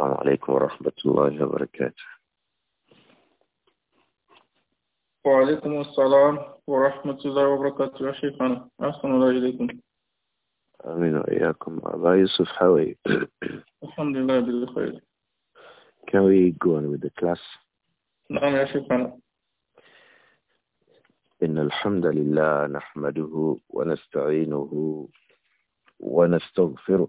السلام عليكم ورحمة الله وبركاته وعليكم السلام ورحمة الله وبركاته يا شيخنا أحسن الله إليكم آمين وإياكم أبا يوسف حوي الحمد لله بالخير Can we go on with the class? نعم يا شيخنا إن الحمد لله نحمده ونستعينه ونستغفره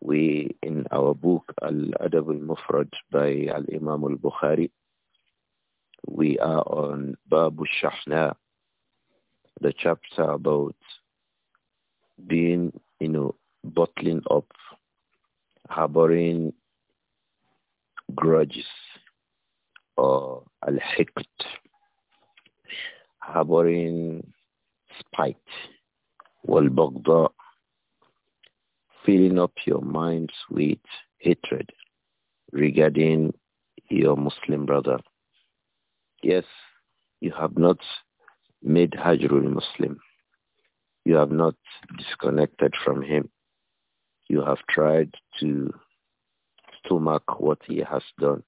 we in our book Al-Adab al-Mufrad by Al-Imam al-Bukhari, we are on Babu Shahna, the chapter about being, you know, bottling up, harboring grudges or al-hiqt, harboring spite, wal-baghdha, filling up your minds with hatred regarding your Muslim brother. Yes, you have not made Hajrul Muslim. You have not disconnected from him. You have tried to stomach what he has done.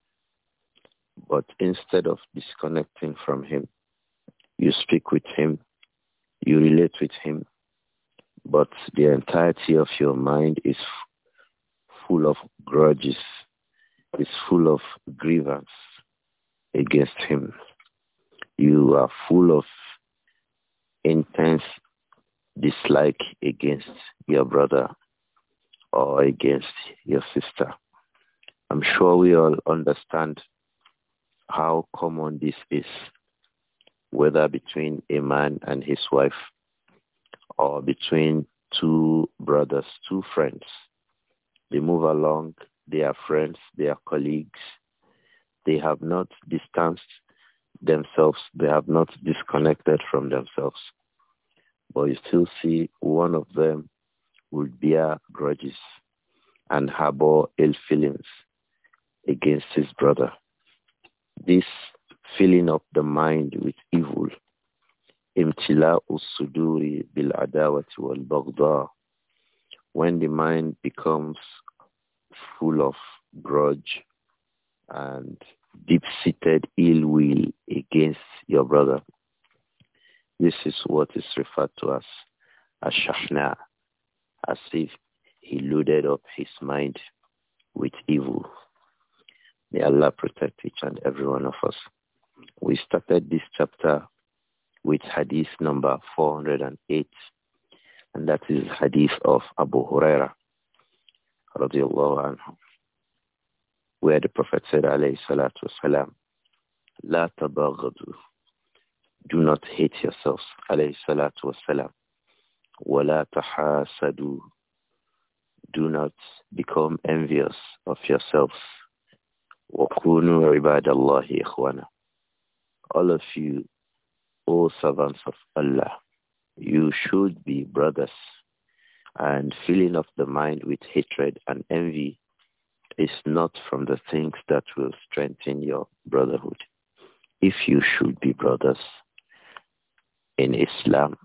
But instead of disconnecting from him, you speak with him, you relate with him, but the entirety of your mind is full of grudges, is full of grievance against him. You are full of intense dislike against your brother or against your sister. I'm sure we all understand how common this is, whether between a man and his wife or between two brothers, two friends. They move along, they are friends, they are colleagues. They have not distanced themselves, they have not disconnected from themselves. But you still see one of them would bear grudges and harbor ill feelings against his brother. This filling up the mind with evil when the mind becomes full of grudge and deep-seated ill will against your brother. This is what is referred to as shahna, as if he loaded up his mind with evil. May Allah protect each and every one of us. We started this chapter with hadith number 408. And that is hadith of Abu Huraira, radiallahu anhu, where the Prophet said, alayhi salatu wasalam, La tabaghadu, do not hate yourselves, alayhi salatu wasalam, wa la tahasadu, do not become envious of yourselves. وَكُونُوا عِبَادَ اللَّهِ إِخْوَانًا All of you O servants of Allah, you should be brothers. And filling up the mind with hatred and envy is not from the things that will strengthen your brotherhood. If you should be brothers in Islam,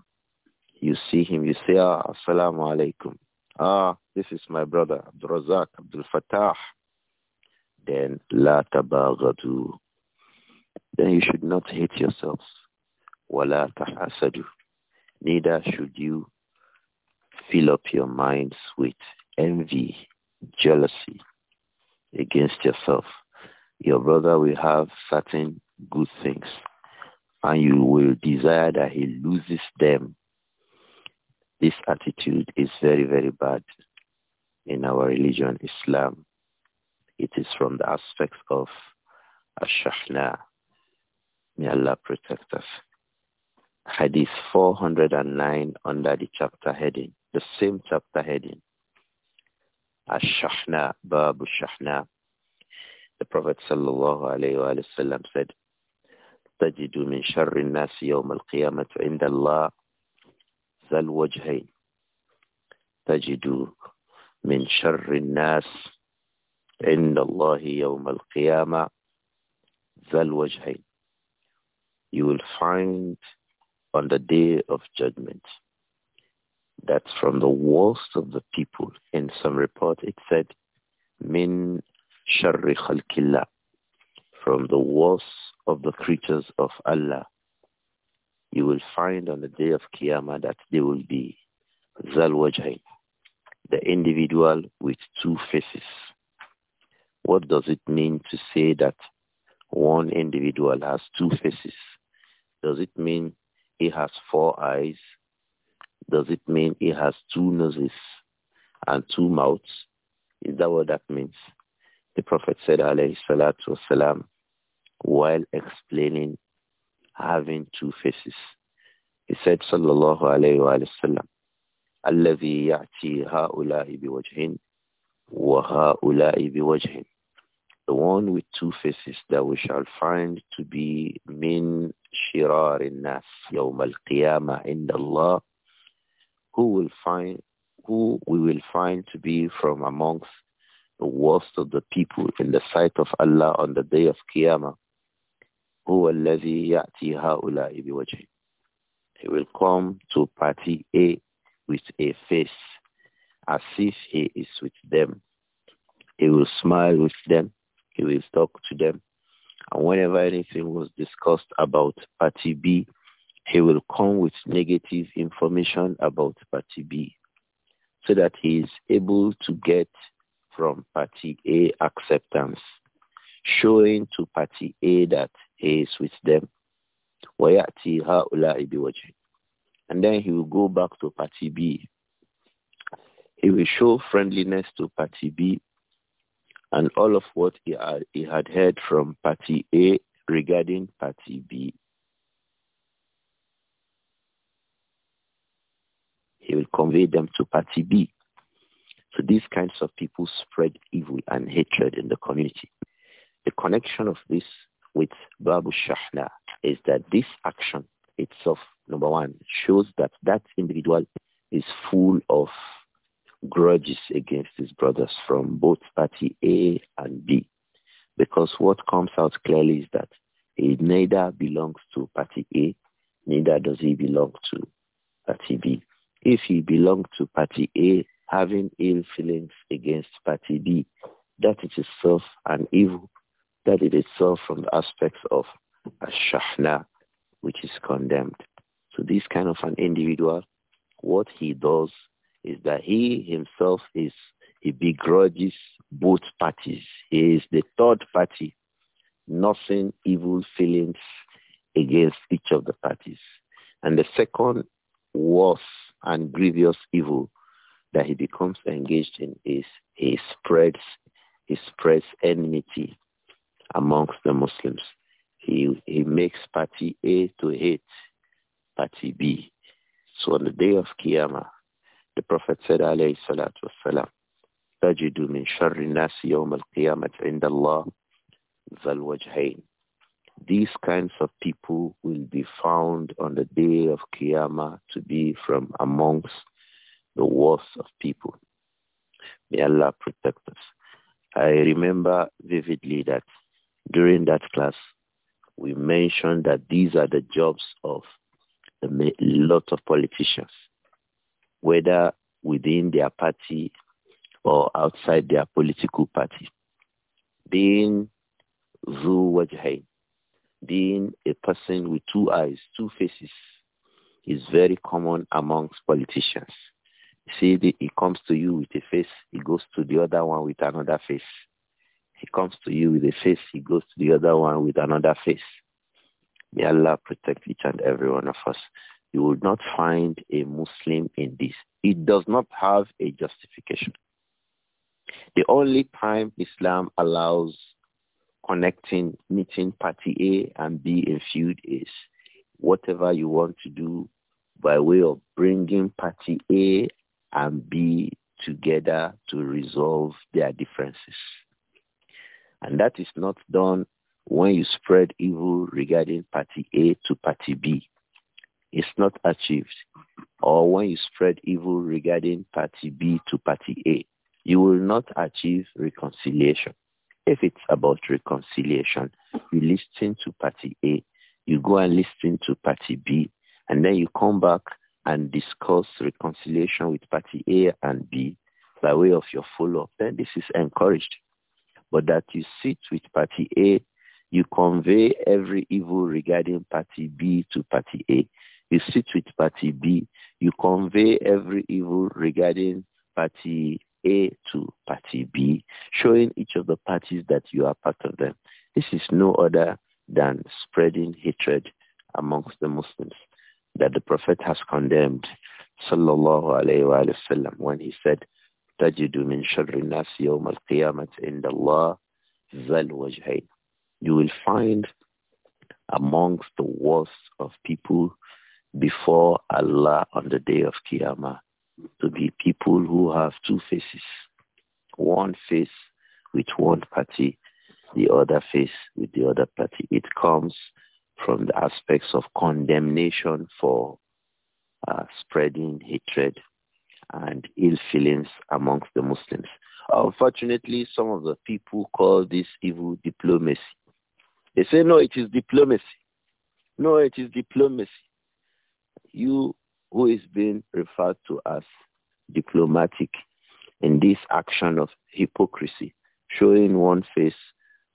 you see him, you say, ah, assalamu alaikum. Ah, this is my brother, Abdul Razak, Abdul Fatah. Then, la tabaghadu. Then you should not hate yourselves. وَلَا تَحَسَدُوا Neither should you fill up your minds with envy, jealousy against yourself. Your brother will have certain good things and you will desire that he loses them. This attitude is very, very bad in our religion, Islam. It is from the aspects of ash May Allah protect us. Hadith 409 under the chapter heading, the same chapter heading. Ash-Shahna, Babu Shahna. The Prophet sallallahu alayhi wa sallam said, تجد من شر الناس يوم القيامة عند الله ذا الوجهين تجد من شر الناس عند الله يوم القيامة ذا الوجهين You will find on the day of judgment that's from the worst of the people, in some report it said, min sharri khalqillah, from the worst of the creatures of Allah, you will find on the day of Qiyamah that they will be zalwajain, the individual with two faces. What does it mean to say that one individual has two faces? Does it mean he has four eyes? Does it mean he has two noses and two mouths? Is that what that means? The Prophet said, alayhi salatu wasalam, while explaining having two faces. He said, sallallahu alayhi wa sallam, الذي يأتي هؤلاء بوجه وهؤلاء بوجه the one with two faces that we shall find to be min shirar in nas yawm al-qiyamah inda Allah, who will find who we will find to be from amongst the worst of the people in the sight of Allah on the day of Qiyamah. هو الذي يأتي هؤلاء بوجهه. He will come to party A with a face as if he is with them. He will smile with them he will talk to them. And whenever anything was discussed about party B, he will come with negative information about party B so that he is able to get from party A acceptance, showing to party A that he is with them. And then he will go back to party B. He will show friendliness to party B and all of what he had, he had heard from party A regarding party B. He will convey them to party B. So these kinds of people spread evil and hatred in the community. The connection of this with Babu Shahna is that this action itself, number one, shows that that individual is full of grudges against his brothers from both party A and B. Because what comes out clearly is that he neither belongs to party A, neither does he belong to party B. If he belonged to party A, having ill feelings against party B, that is itself an evil. That is itself from the aspects of a shahna, which is condemned. So this kind of an individual, what he does is that he himself is, he begrudges both parties. He is the third party, nothing evil feelings against each of the parties. And the second worse and grievous evil that he becomes engaged in is he spreads, he spreads enmity amongst the Muslims. He, he makes party A to hate party B. So on the day of Qiyamah, the Prophet said, alayhi salatu wasalam, تَجِدُ مِنْ شَرِّ النَّاسِ يَوْمَ الْقِيَامَةِ عِنْدَ اللَّهِ ذَا These kinds of people will be found on the day of Qiyamah to be from amongst the worst of people. May Allah protect us. I remember vividly that during that class, we mentioned that these are the jobs of a lot of politicians whether within their party or outside their political party. Being Zu being a person with two eyes, two faces, is very common amongst politicians. See, he comes to you with a face, he goes to the other one with another face. He comes to you with a face, he goes to the other one with another face. May Allah protect each and every one of us. You will not find a Muslim in this. It does not have a justification. The only time Islam allows connecting, meeting party A and B in feud is whatever you want to do by way of bringing party A and B together to resolve their differences. And that is not done when you spread evil regarding party A to party B is not achieved, or when you spread evil regarding party B to party A, you will not achieve reconciliation. If it's about reconciliation, you listen to party A, you go and listen to party B, and then you come back and discuss reconciliation with party A and B by way of your follow-up, then this is encouraged. But that you sit with party A, you convey every evil regarding party B to party A, you sit with party B. You convey every evil regarding party A to party B, showing each of the parties that you are part of them. This is no other than spreading hatred amongst the Muslims that the Prophet has condemned, sallallahu alayhi wa sallam, when he said, تَجِدُ مِنْ شَرِّ النَّاسِ يَوْمَ الْقِيَامَةِ عِنْدَ اللَّهِ ذَا الْوَجْهَيْنِ You will find amongst the worst of people before Allah on the day of Qiyamah to be people who have two faces, one face with one party, the other face with the other party. It comes from the aspects of condemnation for uh, spreading hatred and ill feelings amongst the Muslims. Unfortunately, some of the people call this evil diplomacy. They say, no, it is diplomacy. No, it is diplomacy you who is being referred to as diplomatic in this action of hypocrisy, showing one face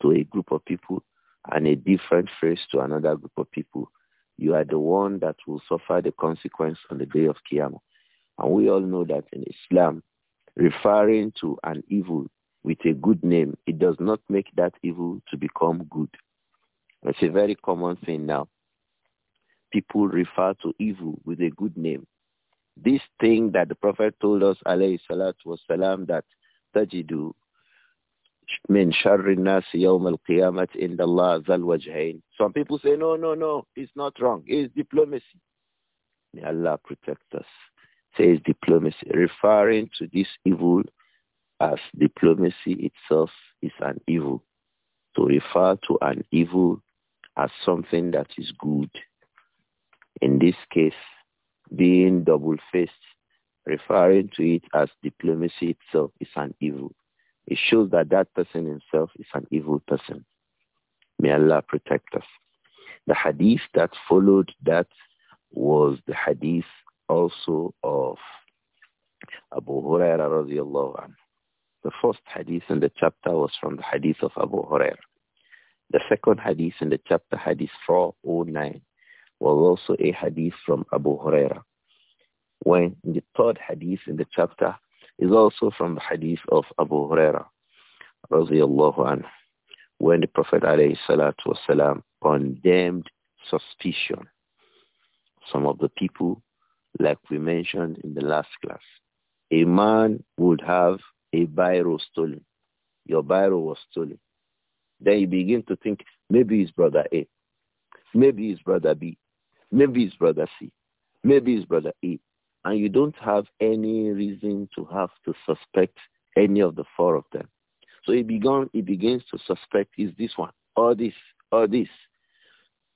to a group of people and a different face to another group of people, you are the one that will suffer the consequence on the day of Qiyamah. And we all know that in Islam, referring to an evil with a good name, it does not make that evil to become good. It's a very common thing now people refer to evil with a good name. This thing that the Prophet told us, alayhi salatu salam, that tajidu min sharri nasi yawm al-qiyamah inda Allah zal wajhain. Some people say, no, no, no, it's not wrong. It's diplomacy. May Allah protect us. Says diplomacy. Referring to this evil as diplomacy itself is an evil. To refer to an evil as something that is good in this case, being double-faced, referring to it as diplomacy itself is an evil. It shows that that person himself is an evil person. May Allah protect us. The hadith that followed that was the hadith also of Abu Huraira radiallahu anhu. The first hadith in the chapter was from the hadith of Abu Huraira. The second hadith in the chapter, hadith 409, was also a hadith from Abu Huraira. When the third hadith in the chapter is also from the hadith of Abu Huraira, radiallahu anhu, when the Prophet والسلام, condemned suspicion. Some of the people, like we mentioned in the last class, a man would have a biro stolen. Your biro was stolen. Then you begin to think, maybe his brother A, maybe his brother B, Maybe it's brother C. Maybe it's brother E. And you don't have any reason to have to suspect any of the four of them. So he began, he begins to suspect is this one, or this, or this,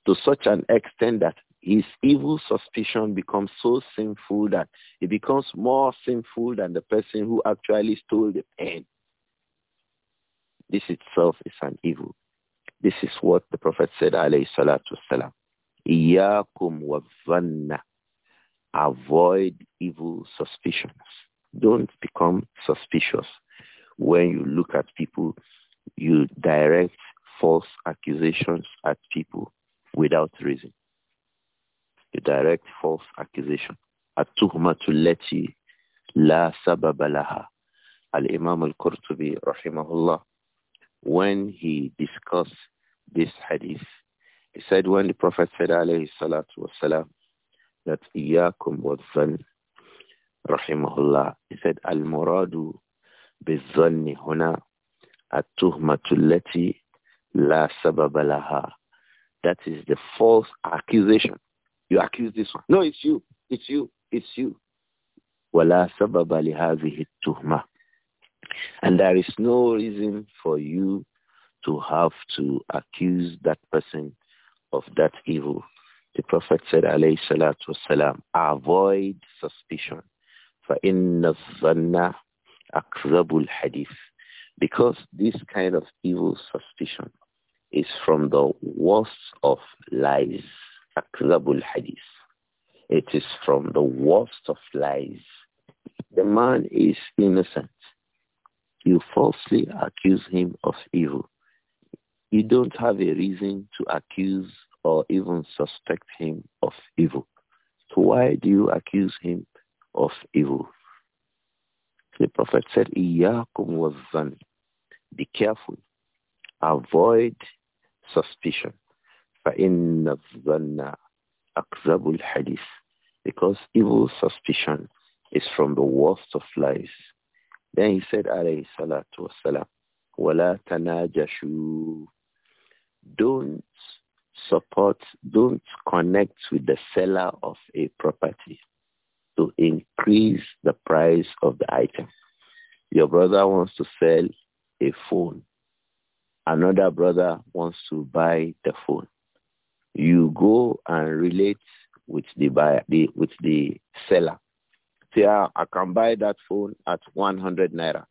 to such an extent that his evil suspicion becomes so sinful that it becomes more sinful than the person who actually stole the pen. This itself is an evil. This is what the Prophet said, alayhi salatu wasalam. Iyakum wazanna. Avoid evil suspicions. Don't become suspicious. When you look at people, you direct false accusations at people without reason. You direct false accusation. التهمة التي لا سبب لها. Al-Imam al-Qurtubi, rahimahullah, when he discussed this hadith, he said when the Prophet said alayhi salatu salam that Iyakum rahimahullah, he said al-muradu bizanni huna at-tuhmatu allati la sababa That is the false accusation. You accuse this one. No, it's you. It's you. It's you. ولا سبب لهذه التهمة. And there is no reason for you to have to accuse that person of that evil. The Prophet said, alayhi salatu wasalam, avoid suspicion. فَإِنَّ الْحَدِيثِ Because this kind of evil suspicion is from the worst of lies. أَكْذَبُ الْحَدِيث It is from the worst of lies. The man is innocent. You falsely accuse him of evil you don't have a reason to accuse or even suspect him of evil. So why do you accuse him of evil? The Prophet said, Be careful. Avoid suspicion. Because evil suspicion is from the worst of lies. Then he said, alayhi salatu wasalam, وَلَا tanajashu." don't support, don't connect with the seller of a property to increase the price of the item. Your brother wants to sell a phone. Another brother wants to buy the phone. You go and relate with the buyer, the, with the seller. Say, ah, I can buy that phone at 100 naira.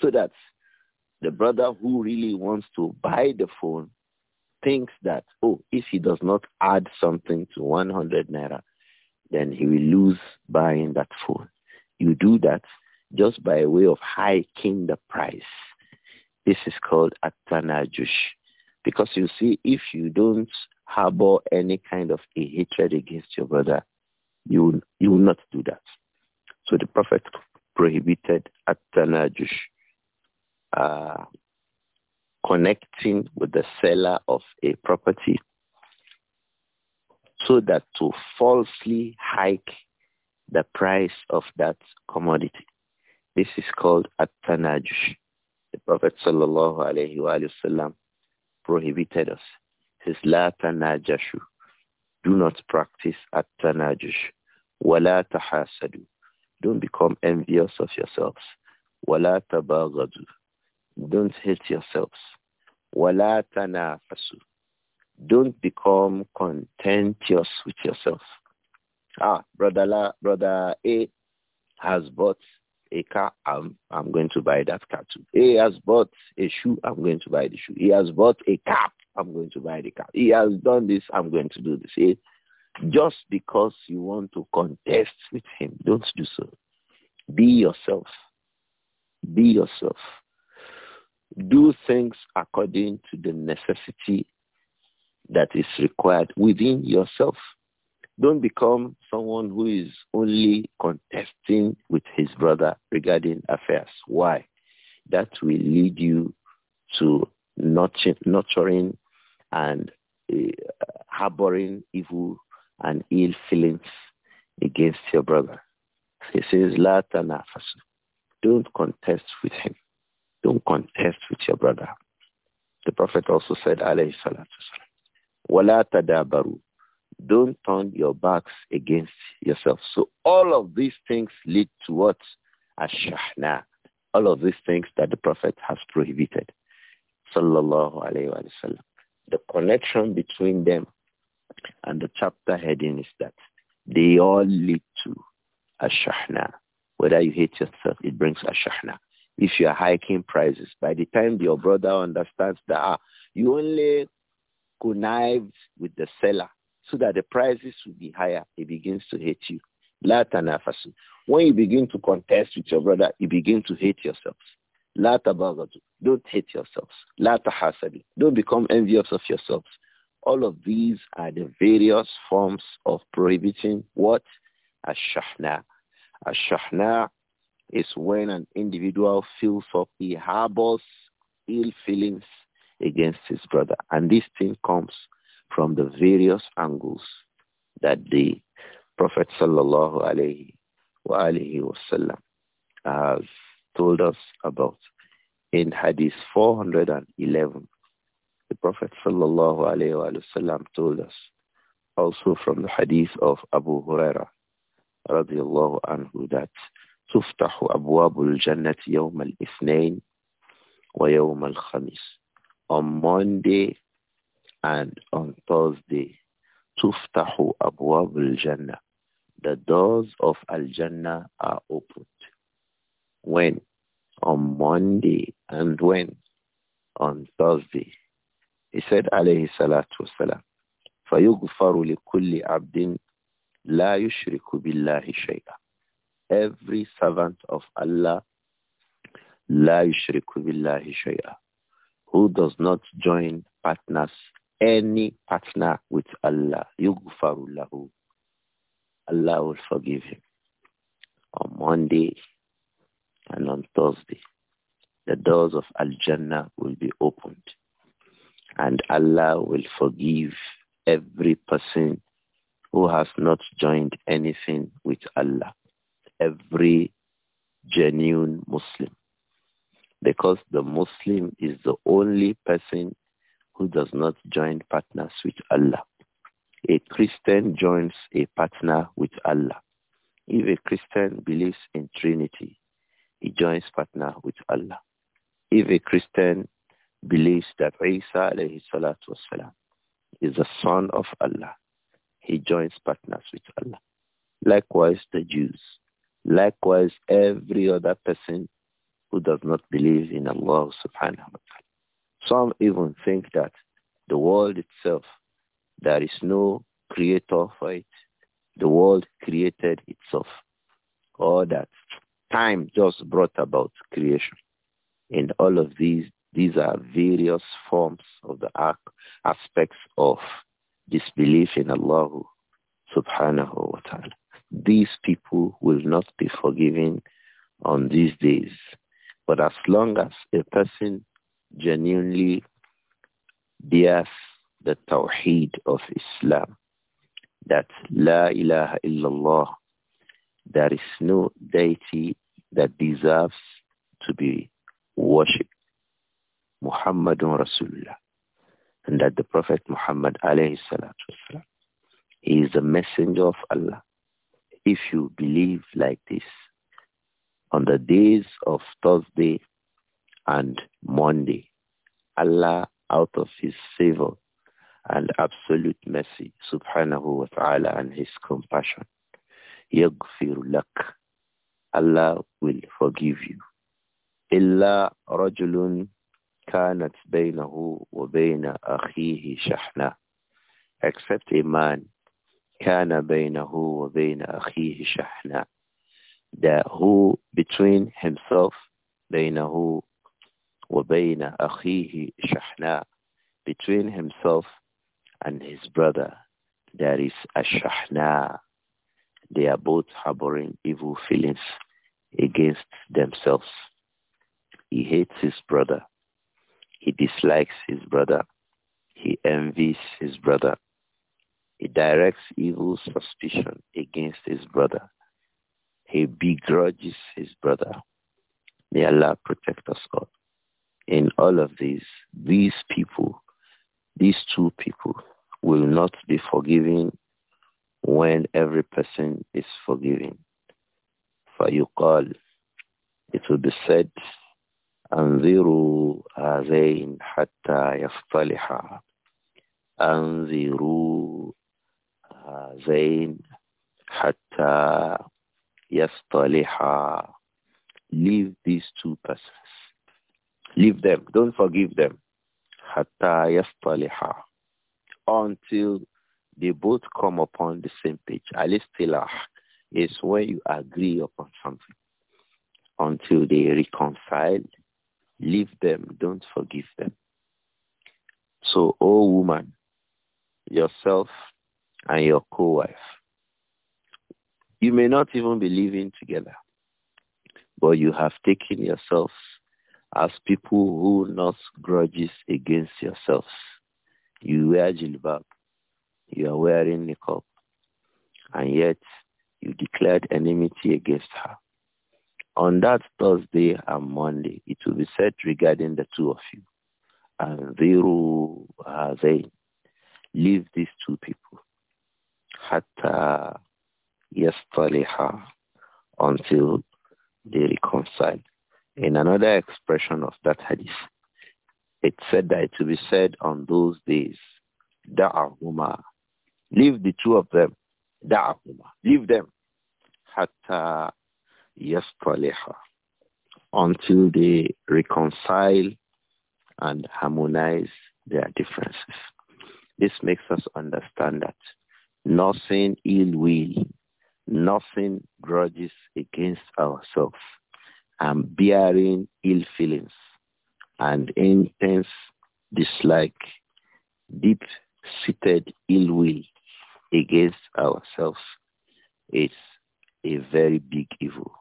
So that the brother who really wants to buy the phone thinks that, oh, if he does not add something to 100 naira, then he will lose buying that phone. You do that just by way of hiking the price. This is called atanajush. Because you see, if you don't harbor any kind of a hatred against your brother, you, you will not do that. So the Prophet prohibited atanajush uh, connecting with the seller of a property so that to falsely hike the price of that commodity. This is called at The Prophet sallallahu alayhi wa sallam prohibited us. His la tanajashu. Do not practice at-tanajush. Wala tahasadu. Don't become envious of yourselves. Wala tabāgadu." Don't hate yourselves. Wala Don't become contentious with yourself. Ah, brother, La, brother A has bought a car. I'm, I'm going to buy that car too. He has bought a shoe. I'm going to buy the shoe. He has bought a cap. I'm going to buy the cap. He has done this. I'm going to do this. just because you want to contest with him, don't do so. Be yourself. Be yourself do things according to the necessity that is required within yourself. Don't become someone who is only contesting with his brother regarding affairs. Why? That will lead you to nurturing and uh, harboring evil and ill feelings against your brother. He says, La tanafasu. Don't contest with him. Don't contest with your brother. The Prophet also said, alayhi salatu wala tadabaru. Don't turn your backs against yourself. So all of these things lead to what? Ashahna. All of these things that the Prophet has prohibited. Sallallahu alayhi wa sallam. The connection between them and the chapter heading is that they all lead to ashahna. Whether you hate yourself, it brings ashahna if you are hiking prices. By the time your brother understands that ah, you only connive with the seller so that the prices will be higher, he begins to hate you. La When you begin to contest with your brother, you begin to hate yourselves. Lata bagatu. Don't hate yourselves. Lata tahasadu. Don't become envious of yourselves. All of these are the various forms of prohibiting what? Ash-shahna. Ash-shahna is when an individual feels up, he harbors ill feelings against his brother. And this thing comes from the various angles that the Prophet sallallahu alayhi wa wasallam has told us about. In Hadith 411, the Prophet sallallahu alayhi wa sallam told us also from the Hadith of Abu Huraira radiallahu anhu that تفتح أبواب الجنة يوم الاثنين ويوم الخميس on Monday and on Thursday تفتح أبواب الجنة the doors of Al-Jannah are opened when on Monday and when on Thursday he said عليه الصلاة والسلام فيغفر لكل عبد لا يشرك بالله شيئا every servant of Allah لا يشرك بالله shay'a who does not join partners any partner with Allah يغفر له. Allah will forgive him on Monday and on Thursday the doors of Al-Jannah will be opened and Allah will forgive every person who has not joined anything with Allah every genuine Muslim. Because the Muslim is the only person who does not join partners with Allah. A Christian joins a partner with Allah. If a Christian believes in Trinity, he joins partner with Allah. If a Christian believes that Isa alayhi is the son of Allah, he joins partners with Allah. Likewise, the Jews. Likewise, every other person who does not believe in Allah subhanahu wa ta'ala. Some even think that the world itself, there is no creator for it. The world created itself. Or that time just brought about creation. In all of these, these are various forms of the aspects of disbelief in Allah subhanahu wa ta'ala. These people will not be forgiven on these days. But as long as a person genuinely bears the tawheed of Islam, that La ilaha illallah, there is no deity that deserves to be worshipped. Muhammadun Rasulullah. And that the Prophet Muhammad alayhi salatu wasalam, he is the messenger of Allah if you believe like this. On the days of Thursday and Monday, Allah out of his favor and absolute mercy, subhanahu wa ta'ala, and his compassion, yaghfir lak. Allah will forgive you. Illa rajulun kanat baynahu wa bayna akhihi shahna. Except a man كان بينه وبين أخيه شحناء that who between himself بينه وبين أخيه شحناء between himself and his brother there is a shahna they are both harboring evil feelings against themselves he hates his brother he dislikes his brother he envies his brother he directs evil suspicion against his brother. He begrudges his brother. May Allah protect us all. In all of these, these people, these two people will not be forgiven when every person is forgiven. For call It will be said, "Anziru azain hatta يَصْطَلِحَا Anziru. هذين حتى يصطلحا Leave these two persons. Leave them. Don't forgive them. حتى يصطلحا Until they both come upon the same page. al is when you agree upon something. Until they reconcile, leave them, don't forgive them. So, O oh woman, yourself and your co-wife. You may not even be living together, but you have taken yourselves as people who not grudges against yourselves. You wear jilbab, you are wearing niqab, and yet you declared enmity against her. On that Thursday and Monday, it will be said regarding the two of you, and Viru Hazain, leave these two people hatta yastaliha until they reconcile. In another expression of that hadith, it said that it will be said on those days, da'ahuma, leave the two of them, da'ahuma, leave them, hatta yastaliha, until they reconcile and harmonize their differences. This makes us understand that nothing ill will, nothing grudges against ourselves, and bearing ill feelings and intense dislike, deep-seated ill will against ourselves is a very big evil.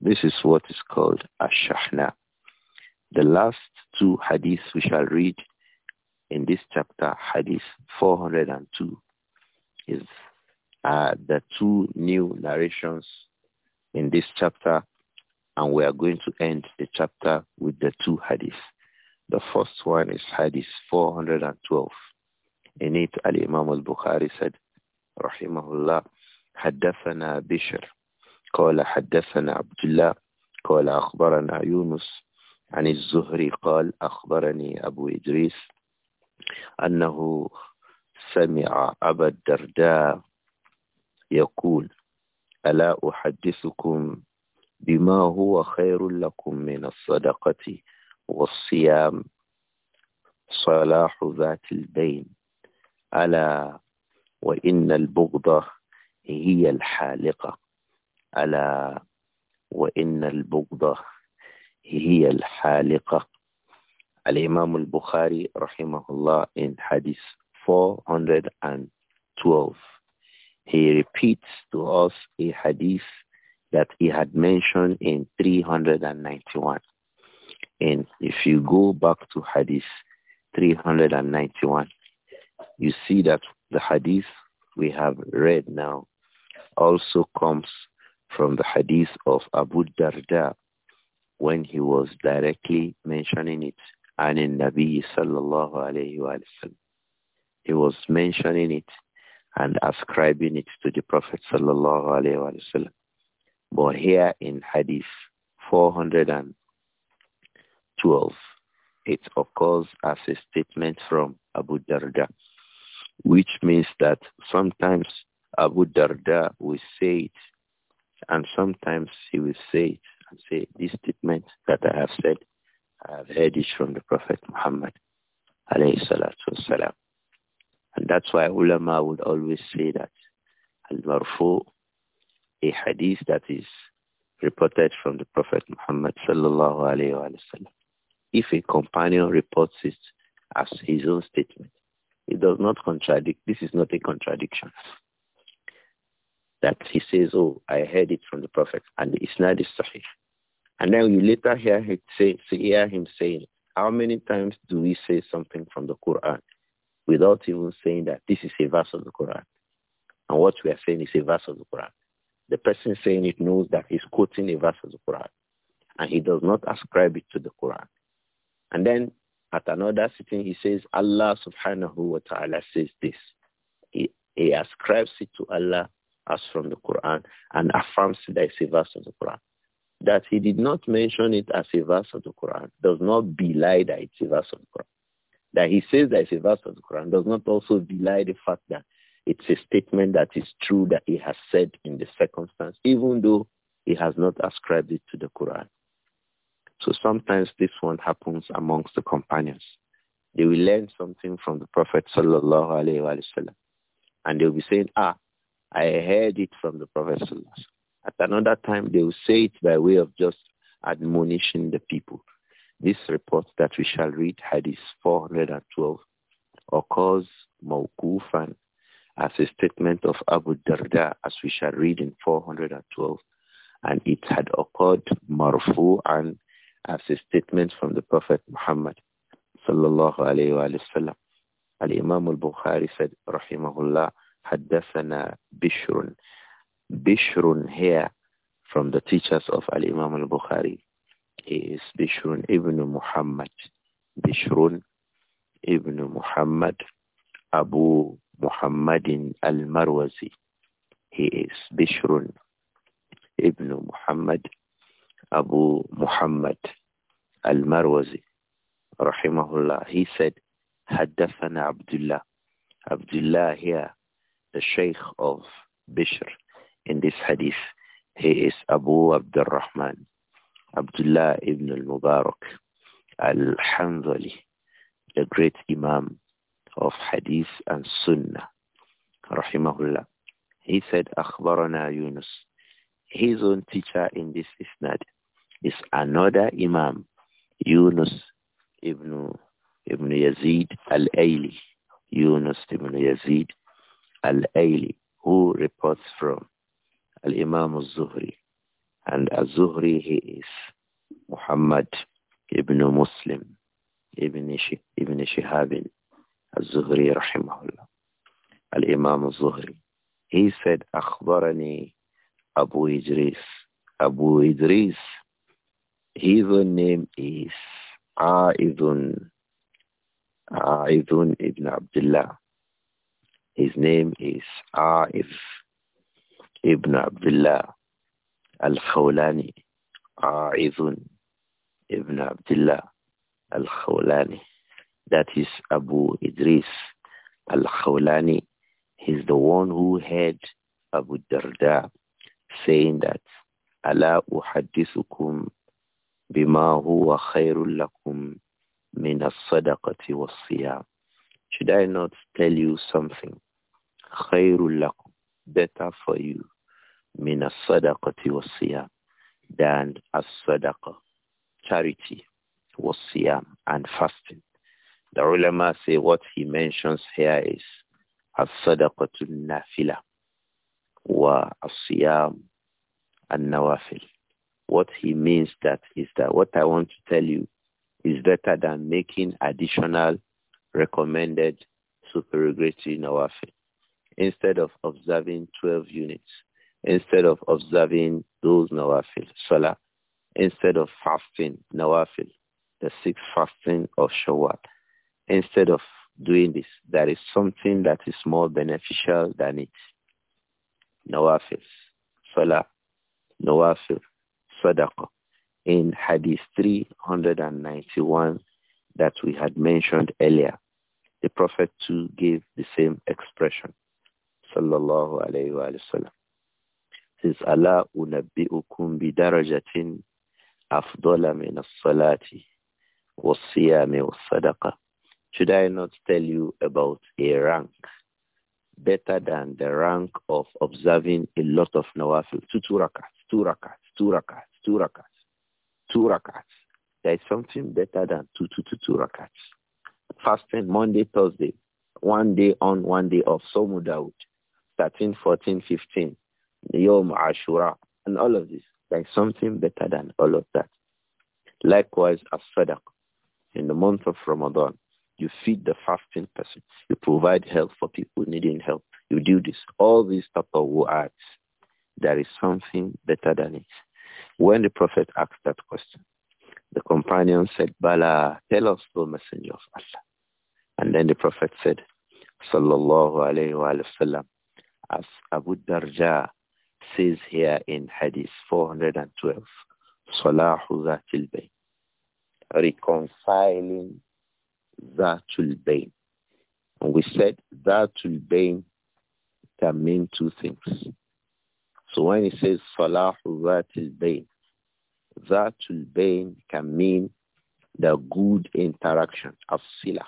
This is what is called ashahna. The last two hadiths we shall read in this chapter, hadith 402 is uh, the two new narrations in this chapter, and we are going to end the chapter with the two hadiths. The first one is hadith 412. In it, Al-Imam al-Bukhari said, rahimahullah, حدثنا بشر قال حدثنا عبد الله قال أخبرنا يونس عن الزهري قال أخبرني أبو إدريس أنه سمع أبا الدرداء يقول ألا أحدثكم بما هو خير لكم من الصدقة والصيام صلاح ذات البين ألا وإن البغضة هي الحالقة ألا وإن البغضة هي الحالقة الإمام البخاري رحمه الله إن حديث 412. He repeats to us a hadith that he had mentioned in 391. And if you go back to hadith 391, you see that the hadith we have read now also comes from the hadith of Abu Darda when he was directly mentioning it and in Nabi sallallahu alayhi wa sallam he was mentioning it and ascribing it to the Prophet sallallahu alaihi wasallam. But here in Hadith 412, it occurs as a statement from Abu Darda, which means that sometimes Abu Darda will say it, and sometimes he will say it and say, this statement that I have said, I have heard it from the Prophet Muhammad alayhi salatu wasalam. And that's why ulama would always say that al-marfu, a hadith that is reported from the Prophet Muhammad sallallahu alayhi wa sallam. If a companion reports it as his own statement, it does not contradict. This is not a contradiction. That he says, oh, I heard it from the Prophet and the Isnad is sahih. And then you later hear, say, hear him saying, how many times do we say something from the Quran without even saying that this is a verse of the Quran. And what we are saying is a verse of the Quran. The person saying it knows that he's quoting a verse of the Quran. And he does not ascribe it to the Quran. And then at another sitting, he says, Allah subhanahu wa ta'ala says this. He, he ascribes it to Allah as from the Quran and affirms that it's a verse of the Quran. That he did not mention it as a verse of the Quran does not belie that it's a verse of the Quran. That he says that it's a verse of the Quran does not also belie the fact that it's a statement that is true that he has said in the circumstance, even though he has not ascribed it to the Quran. So sometimes this one happens amongst the companions. They will learn something from the Prophet sallallahu alaihi wasallam, and they will be saying, "Ah, I heard it from the Prophet." At another time, they will say it by way of just admonishing the people. This report that we shall read, Hadith 412, occurs mawkufan as a statement of Abu Darda as we shall read in 412 and it had occurred marfu'an as a statement from the Prophet Muhammad sallallahu alayhi wa sallam. Al-Imam al-Bukhari said rahimahullah haddathana bishrun. Bishrun here from the teachers of Al-Imam al-Bukhari is Bishrun ibn Muhammad. Bishrun ibn Muhammad Abu Muhammadin al-Marwazi. He is Bishrun ibn Muhammad Abu Muhammad al-Marwazi. Rahimahullah. He said, Haddathana Abdullah. Abdullah here, the Sheikh of Bishr in this hadith. He is Abu Abdurrahman. Abdullah ibn al-Mubarak al-Hanzali, the great Imam of Hadith and Sunnah, rahimahullah. He said, Akhbarana Yunus. His own teacher in this isnad is another Imam, Yunus ibn, ibn Yazid al-Aili. Yunus ibn Yazid al-Aili, who reports from al-Imam al-Zuhri and az he is Muhammad ibn Muslim, ibn, Sh ibn Shihabin, az rahimahullah, Al-Imam az He said, "Akhbarani Abu Idris. Abu Idris, his name is Aidun. Aidun ibn Abdullah. His name is Aif ibn Abdullah al عائذ A'idhun ibn Abdullah Al-Khawlani. is Abu Idris Al-Khawlani. He's the one who heard Abu Darda saying that ألا أحدثكم بما هو خير لكم من الصدقة والصيام Should I not tell you something? خير لكم Better for you min as-sadaqati was-siyam than as-sadaqa, charity, was-siyam, and fasting. The ulama say what he mentions here is as-sadaqatu nafila wa as-siyam an-nawafil. What he means that is that what I want to tell you is better than making additional recommended supererogatory nawafil. Instead of observing 12 units, instead of observing those nawafil, salah, instead of fasting, nawafil, the sixth fasting of Shawwal, instead of doing this, there is something that is more beneficial than it. Nawafil, salah, nawafil, sadaqah. In Hadith 391 that we had mentioned earlier, the Prophet too gave the same expression. Sallallahu alayhi wa sallam says, Allah unabbi'ukum bidarajatin afdala min as-salati was-siyami was-sadaqa. Should I not tell you about a rank better than the rank of observing a lot of nawafil? Two, two rakats, two rakats, two rakats, two rakats, two rakats. There is something better than two, two, two, two rakats. Fasting Monday, Thursday, one day on, one day off, Somu Dawood, 13, 14, 15. Yom Ashura, and all of this. Like something better than all of that. Likewise, as Sadaq, in the month of Ramadan, you feed the fasting person. You provide help for people needing help. You do this. All these of works. there is something better than it. When the Prophet asked that question, the companion said, Bala, tell us, O Messenger of Allah. And then the Prophet said, Sallallahu alayhi wa sallam, as Abu Darja says here in Hadith 412, Salahu Zatul Bayn, reconciling Zatul Bayn. And we said Zatul Bayn can mean two things. So when it says Salahu Zatul Bayn, Zatul Bayn can mean the good interaction of sila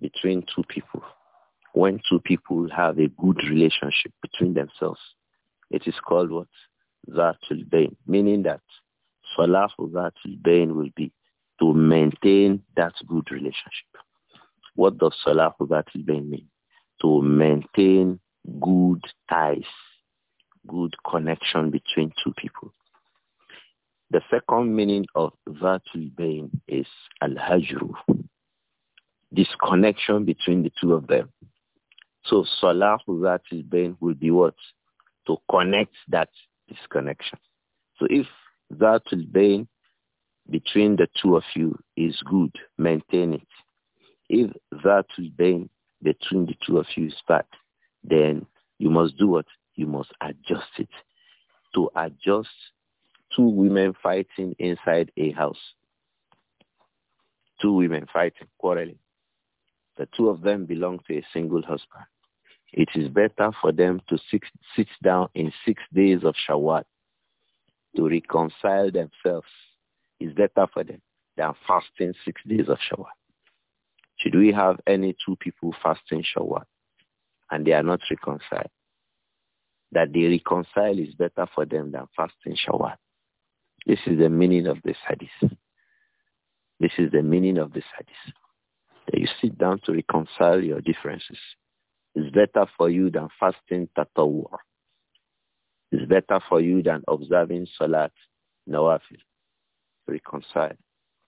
between two people. When two people have a good relationship between themselves, it is called what? Zatul Bain, meaning that Salah for Zatul Bain will be to maintain that good relationship. What does Salah for Zatul Bain mean? To maintain good ties, good connection between two people. The second meaning of Zatul Bain is Al-Hajru, this connection between the two of them. So Salah Zatul Bain will be what? to connect that disconnection. So if that will be between the two of you is good, maintain it. If that will be between the two of you is bad, then you must do what? You must adjust it. To adjust two women fighting inside a house. Two women fighting, quarreling. The two of them belong to a single husband it is better for them to sit sit down in six days of Shawwal to reconcile themselves. It's better for them than fasting six days of Shawwal. Should we have any two people fasting Shawwal and they are not reconciled? That they reconcile is better for them than fasting Shawwal. This is the meaning of this hadith. This is the meaning of this hadith. That you sit down to reconcile your differences is better for you than fasting tatawwur. It's better for you than observing salat nawafil. Reconcile.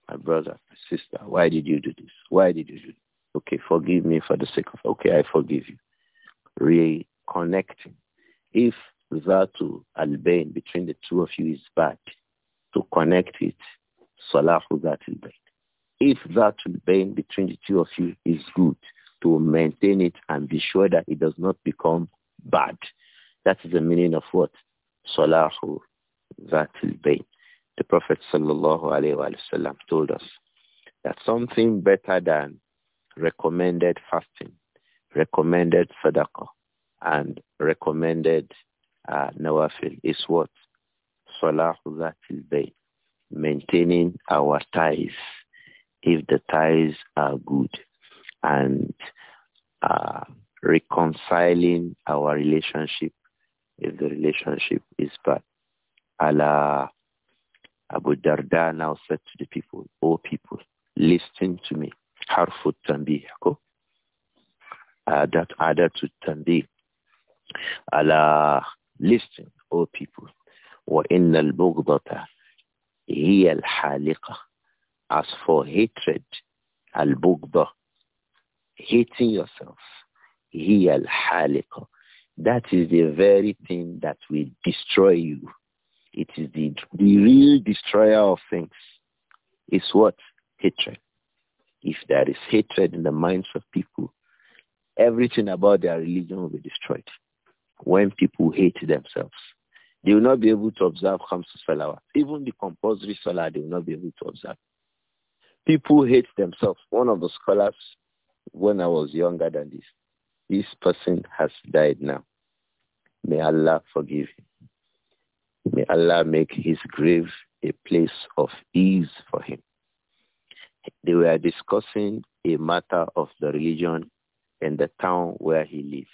My brother, my sister, why did you do this? Why did you do this? Okay, forgive me for the sake of, okay, I forgive you. Reconnecting. If that al-Bain between the two of you is bad, to connect it, Salahu al Bain. If al Bain between the two of you is good, to maintain it and be sure that it does not become bad. That is the meaning of what? Salahu Bayt. The Prophet sallallahu told us that something better than recommended fasting, recommended sadaqah, and recommended uh, nawafil is what? Salahu Zatul Bayt. Maintaining our ties if the ties are good and uh, reconciling our relationship if the relationship is bad. Allah Abu Darda now said to the people, O oh people, listen to me. Harfu Tambih. Uh, that added to Tambih. Allah, listen, O oh people. وَإِنَّ الْبُغْضَةَ هِيَ الْحَالِقَةِ As for hatred, al-bughdah, hating yourself. He al-haliqa. is the very thing that will destroy you. It is the, the real destroyer of things. It's what? Hatred. If there is hatred in the minds of people, everything about their religion will be destroyed. When people hate themselves, they will not be able to observe Khamsus Salawat. Even the compulsory Salah, they will not be able to observe. People hate themselves. One of the scholars when I was younger than this. This person has died now. May Allah forgive him. May Allah make his grave a place of ease for him. They were discussing a matter of the religion in the town where he lived.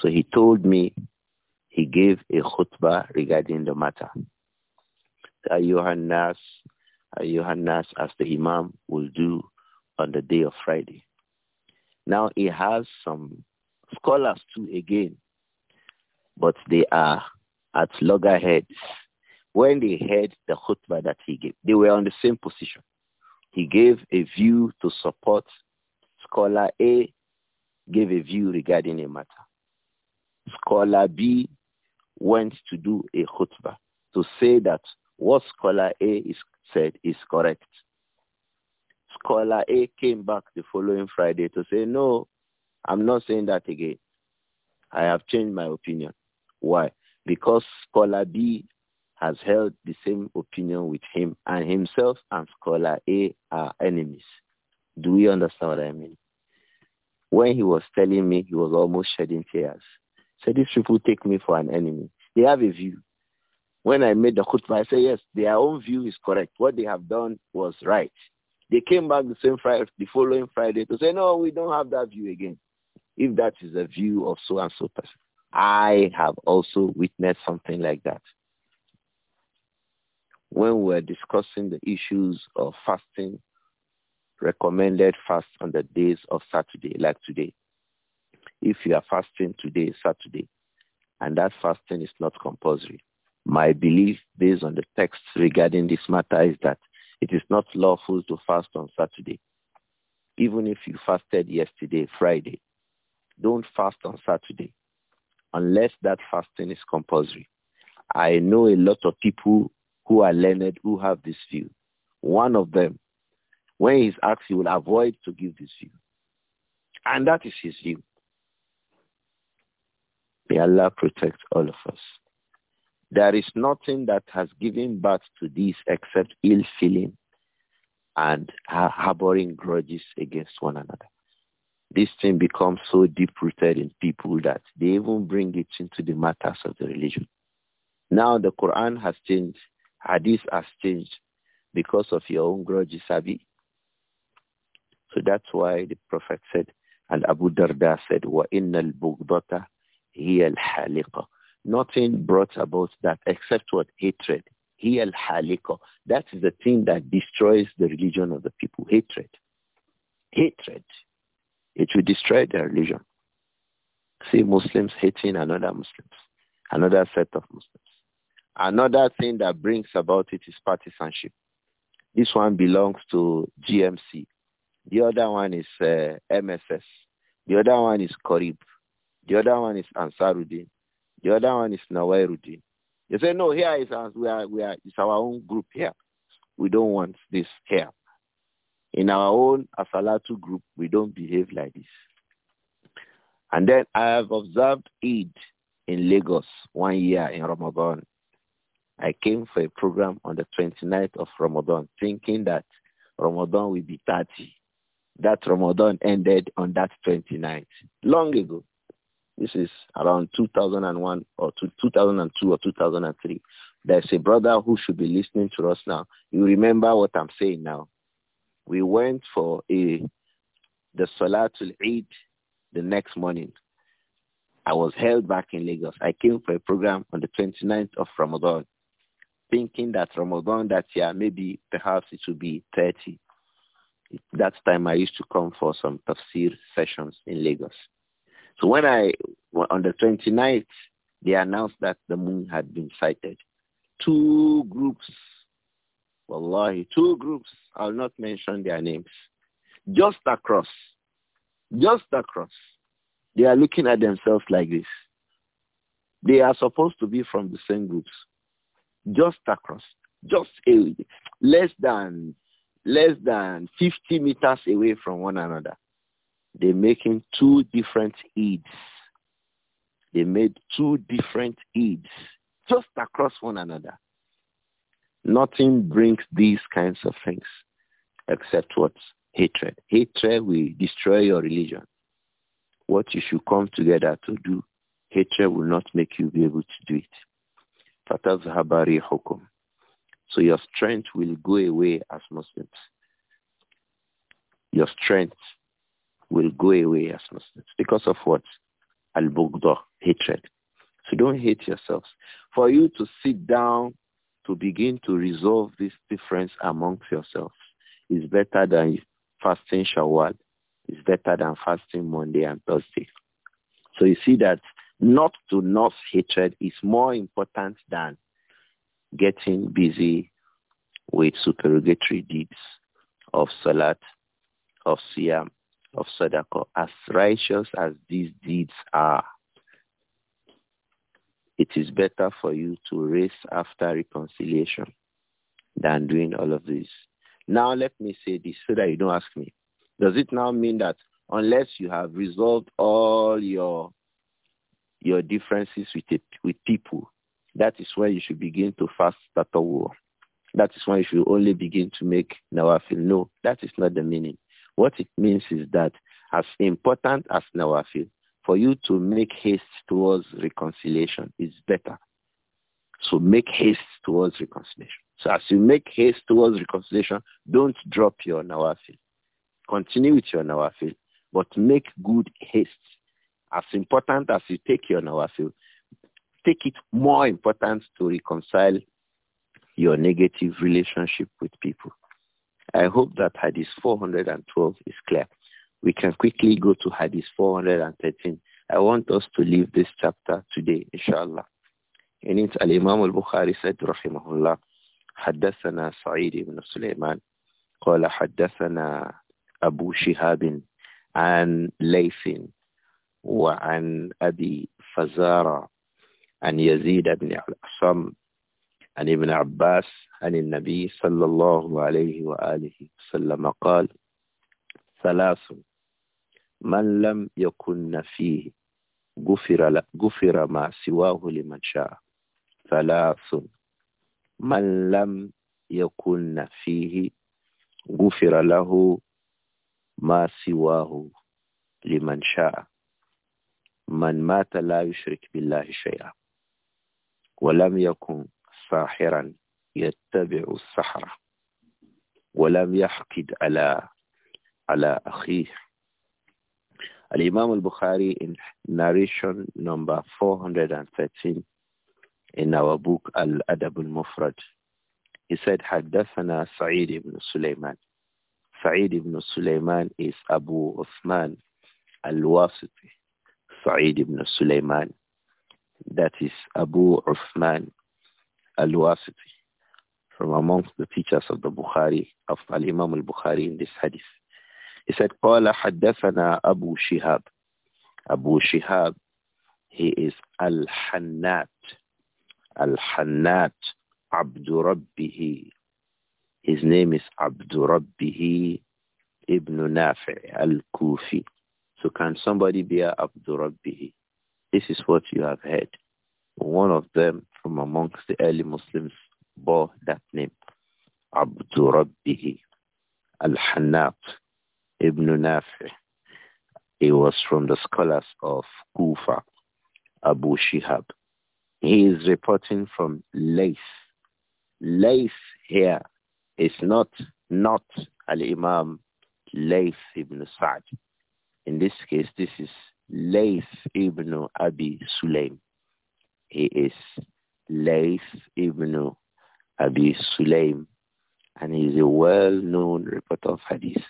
So he told me he gave a khutbah regarding the matter. Ayyuhannas, Ayyuhannas, as the Imam will do on the day of Friday. Now he has some scholars too again, but they are at loggerheads. When they heard the khutbah that he gave, they were on the same position. He gave a view to support scholar A, gave a view regarding a matter. Scholar B went to do a khutbah to say that what scholar A is said is correct scholar A came back the following Friday to say, no, I'm not saying that again. I have changed my opinion. Why? Because scholar B has held the same opinion with him and himself and scholar A are enemies. Do we understand what I mean? When he was telling me, he was almost shedding tears. So these people take me for an enemy. They have a view. When I made the khutbah, I said, yes, their own view is correct. What they have done was right. They came back the same Friday, the following Friday to say, no, we don't have that view again. If that is a view of so and so person. I have also witnessed something like that. When we were discussing the issues of fasting, recommended fast on the days of Saturday, like today. If you are fasting today, Saturday, and that fasting is not compulsory, my belief based on the text regarding this matter is that it is not lawful to fast on Saturday. Even if you fasted yesterday, Friday, don't fast on Saturday unless that fasting is compulsory. I know a lot of people who are learned who have this view. One of them, when he's asked, he will avoid to give this view. And that is his view. May Allah protect all of us. There is nothing that has given birth to this except ill feeling and harboring grudges against one another. This thing becomes so deep-rooted in people that they even bring it into the matters of the religion. Now the Quran has changed, Hadith has changed because of your own grudges, Abi. So that's why the Prophet said, and Abu Darda said, وَإِنَّ الْبُغْضَةَ هِيَ الْحَالِقَةَ nothing brought about that except what hatred. He al haliko. That is the thing that destroys the religion of the people. Hatred. Hatred. It will destroy their religion. See Muslims hating another Muslims, another set of Muslims. Another thing that brings about it is partisanship. This one belongs to GMC. The other one is uh, MSS. The other one is Corib. The other one is Ansaruddin. The other one is Nawairuddin. They say, no, here is us. We are, we are, it's our own group here. We don't want this here. In our own Asalatu group, we don't behave like this. And then I have observed Eid in Lagos one year in Ramadan. I came for a program on the 29th of Ramadan, thinking that Ramadan will be 30. That Ramadan ended on that 29th, long ago. This is around 2001 or 2002 or 2003. There's a brother who should be listening to us now. You remember what I'm saying now. We went for a the Salatul Eid the next morning. I was held back in Lagos. I came for a program on the 29th of Ramadan, thinking that Ramadan that year, maybe perhaps it would be 30. That time I used to come for some tafsir sessions in Lagos. So when I, on the 29th, they announced that the moon had been sighted. Two groups, wallahi, two groups, I'll not mention their names, just across, just across, they are looking at themselves like this. They are supposed to be from the same groups, just across, just a, less than less than 50 meters away from one another. They're making two different Eids. They made two different Eids just across one another. Nothing brings these kinds of things except what? Hatred. Hatred will destroy your religion. What you should come together to do, hatred will not make you be able to do it. So your strength will go away as Muslims. Your strength will go away as Muslims because of what? Al-Bughdah, hatred. So don't hate yourselves. For you to sit down to begin to resolve this difference amongst yourselves is better than fasting Shawwal. It's better than fasting Monday and Thursday. So you see that not to nurse hatred is more important than getting busy with supererogatory deeds of Salat, of Siyam, of Sadako, as righteous as these deeds are, it is better for you to race after reconciliation than doing all of this. Now let me say this so that you don't ask me. Does it now mean that unless you have resolved all your your differences with it, with people, that is when you should begin to fast war? That is when you should only begin to make nawafil. No, that is not the meaning. What it means is that as important as Nawafil, for you to make haste towards reconciliation is better. So make haste towards reconciliation. So as you make haste towards reconciliation, don't drop your Nawafil. Continue with your Nawafil, but make good haste. As important as you take your Nawafil, take it more important to reconcile your negative relationship with people. I hope that Hadith 412 is clear. We can quickly go to Hadith 413. I want us to leave this chapter today, inshallah. In it, Al-Imam al-Bukhari said, rahimahullah, حدثنا سعيد بن سليمان قال حدثنا أبو شهاب عن ليث وعن أبي فزارة عن يزيد بن الأصم عن ابن عباس عن النبي صلى الله عليه وآله وسلم قال ثلاث من لم يكن فيه غفر, غفر ما سواه لمن شاء ثلاث من لم يكن فيه غفر له ما سواه لمن شاء من مات لا يشرك بالله شيئا ولم يكن ساحرا يتبع السحرة ولم يحقد على على أخيه الإمام البخاري in narration number 413 in our book الأدب المفرد he said حدثنا سعيد بن سليمان سعيد بن سليمان is أبو عثمان الواسطي سعيد بن سليمان that is أبو عثمان الواسطي from amongst the teachers of the Bukhari, of Al-Imam al-Bukhari in this hadith. He said, قَالَ حَدَّثَنَا أَبُو شِهَابٍ Abu Shihab, he is Al-Hannat, Al-Hannat Abdurabbihi. His name is Abdurabbihi Ibn Nafi' Al-Kufi. So can somebody be Abdurabbihi? This is what you have heard. One of them from amongst the early Muslims Abu that name. Abdu Rabbihi al-Hanaf ibn Nafi. He was from the scholars of Kufa, Abu Shihab. He is reporting from Laith. Laith here is not, not al-Imam Laith ibn Sa'd. In this case, this is Laith ibn Abi Sulaim. He is Laith ibn Abi Suleim, and he is a well-known reporter of hadith,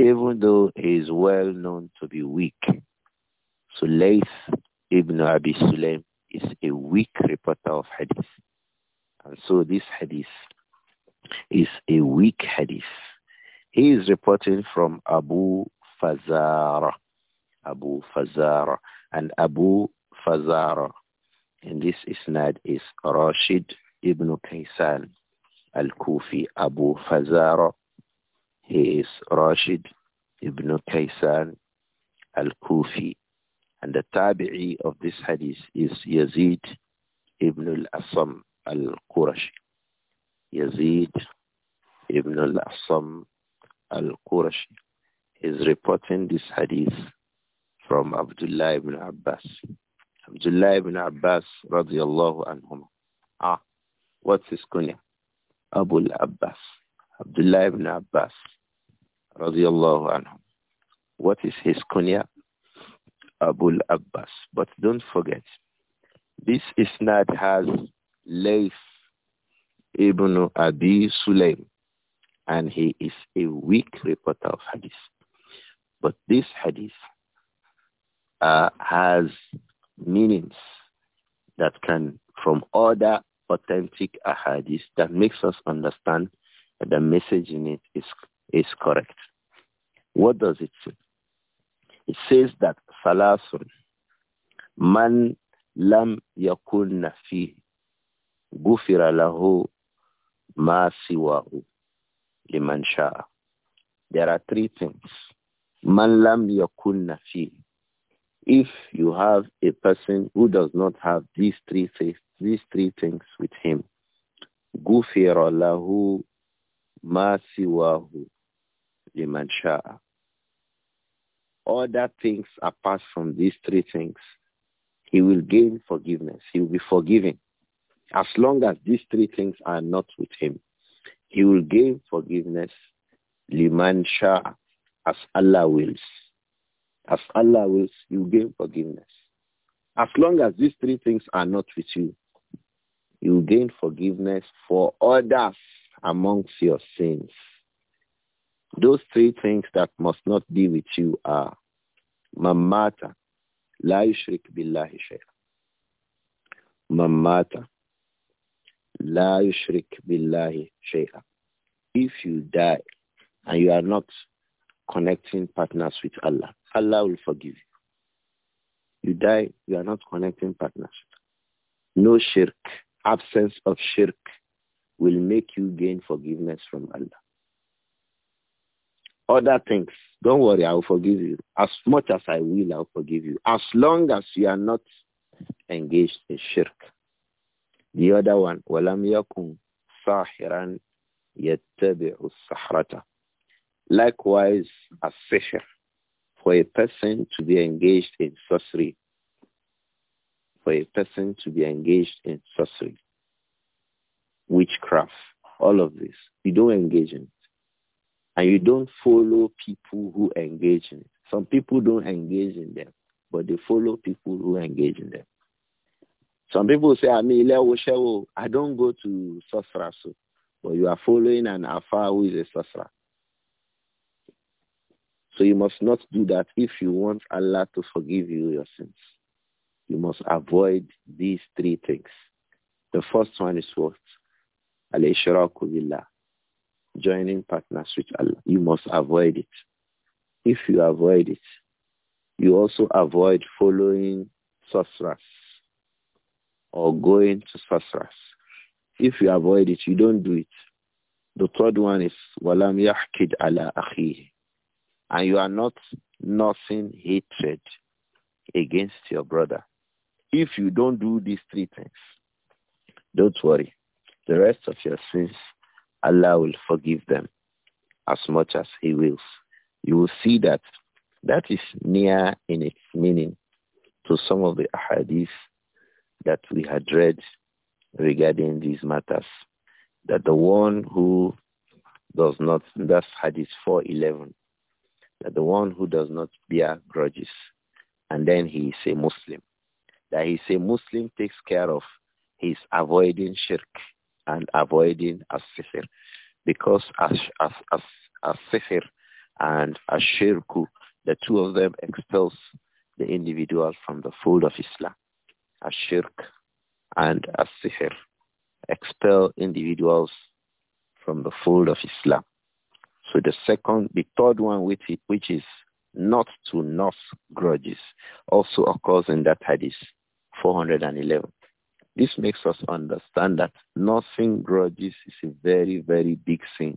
even though he is well known to be weak. So Leif ibn Abi Suleim is a weak reporter of hadith. And so this hadith is a weak hadith. He is reporting from Abu Fazara. Abu Fazara. And Abu Fazara in this isnad is Rashid Ibn Kaysan al-Kufi Abu Fazara. He is Rashid Ibn Kaysan al-Kufi. And the tabi'i of this hadith is Yazid Ibn al-Asam al-Qurashi. Yazid Ibn al-Asam al-Qurashi is reporting this hadith from Abdullah ibn Abbas. Abdullah ibn Abbas radiallahu anhum. Ah, What's his kunya? Abu al-Abbas. Abdullah ibn Abbas. Radiallahu anhu. What is his kunya? Abu al-Abbas. But don't forget, this isnad has Layth ibn Abi Sulaim. And he is a weak reporter of hadith. But this hadith uh, has meanings that can, from other authentic ahadith that makes us understand that the message in it is, is correct. What does it say? It says that salasun man lam yakun nafi' gufira lahu ma siwahu liman sha'a. There are three things. Man lam yakun nafi' If you have a person who does not have these three things these three things with him, غُفِرَ لَهُ مَا سِوَاهُ liman شَاءَ Other things apart from these three things, he will gain forgiveness. He will be forgiven. As long as these three things are not with him, he will gain forgiveness. Liman Shah, as Allah wills. As Allah wills, you gain forgiveness. As long as these three things are not with you, you gain forgiveness for others amongst your sins. Those three things that must not be with you are mamata, la yushrik billahi shay'a. Mamata, la yushrik billahi shay'a. If you die and you are not connecting partners with Allah, Allah will forgive you. You die, you are not connecting partners. No shirk, absence of shirk will make you gain forgiveness from Allah. Other things, don't worry, I will forgive you. As much as I will, I will forgive you. As long as you are not engaged in shirk. The other one, وَلَمْ yakun sahiran يَتَّبِعُ السَّحْرَةَ Likewise, as sihr, for a person to be engaged in sorcery, for a person to be engaged in sorcery, witchcraft, all of this. You don't engage in it. And you don't follow people who engage in it. Some people don't engage in them, but they follow people who engage in them. Some people say, I ah, mean, I don't go to sorcerer, so. But you are following an afar who is a sorcerer. So you must not do that if you want Allah to forgive you your sins. You must avoid these three things. The first one is what? Al-Ishraku Billah. Joining partners with Allah. You must avoid it. If you avoid it, you also avoid following sorcerers or going to sorcerers. If you avoid it, you don't do it. The third one is walam yahkid ala akhihi, and you are not nursing hatred against your brother. If you don't do these three things, don't worry. The rest of your sins, Allah will forgive them as much as he wills. You will see that that is near in its meaning to some of the hadiths that we had read regarding these matters. That the one who does not, that's hadith 411, that the one who does not bear grudges and then he is a Muslim, that he's Muslim takes care of his avoiding shirk and avoiding as-sifir. Because as-sifir and as-shirku, the two of them expels the individual from the fold of Islam. As-shirk and as-sifir expel individuals from the fold of Islam. So the second, the third one with it, which is not to not grudges, also occurs in that hadith. 411. This makes us understand that nothing grudges is a very, very big sin.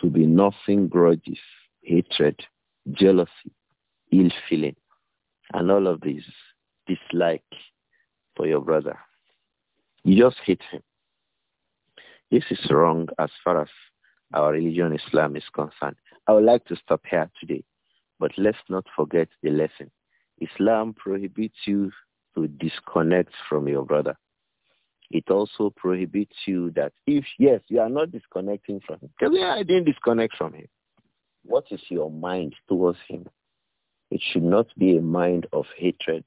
To be nothing grudges, hatred, jealousy, ill feeling, and all of these dislike for your brother. You just hate him. This is wrong as far as our religion Islam is concerned. I would like to stop here today, but let's not forget the lesson. Islam prohibits you to disconnect from your brother. It also prohibits you that if, yes, you are not disconnecting from him, because yeah, I didn't disconnect from him. What is your mind towards him? It should not be a mind of hatred.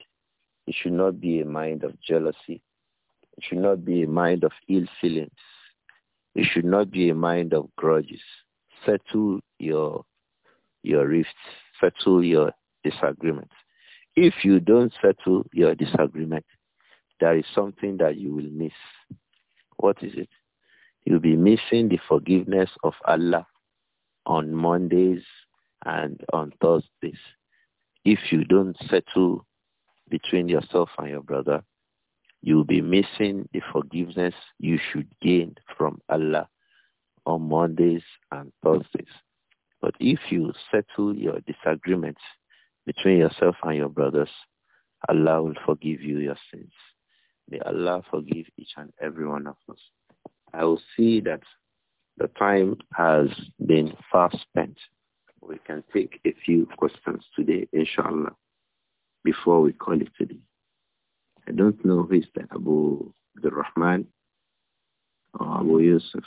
It should not be a mind of jealousy. It should not be a mind of ill feelings. It should not be a mind of grudges. Settle your your rifts. Settle your disagreements. If you don't settle your disagreement, there is something that you will miss. What is it? You'll be missing the forgiveness of Allah on Mondays and on Thursdays. If you don't settle between yourself and your brother, you'll be missing the forgiveness you should gain from Allah on Mondays and Thursdays. But if you settle your disagreements, between yourself and your brothers, Allah will forgive you your sins. May Allah forgive each and every one of us. I will see that the time has been far spent. We can take a few questions today, inshallah, before we call it today. I don't know who is the Abu the Rahman or Abu Yusuf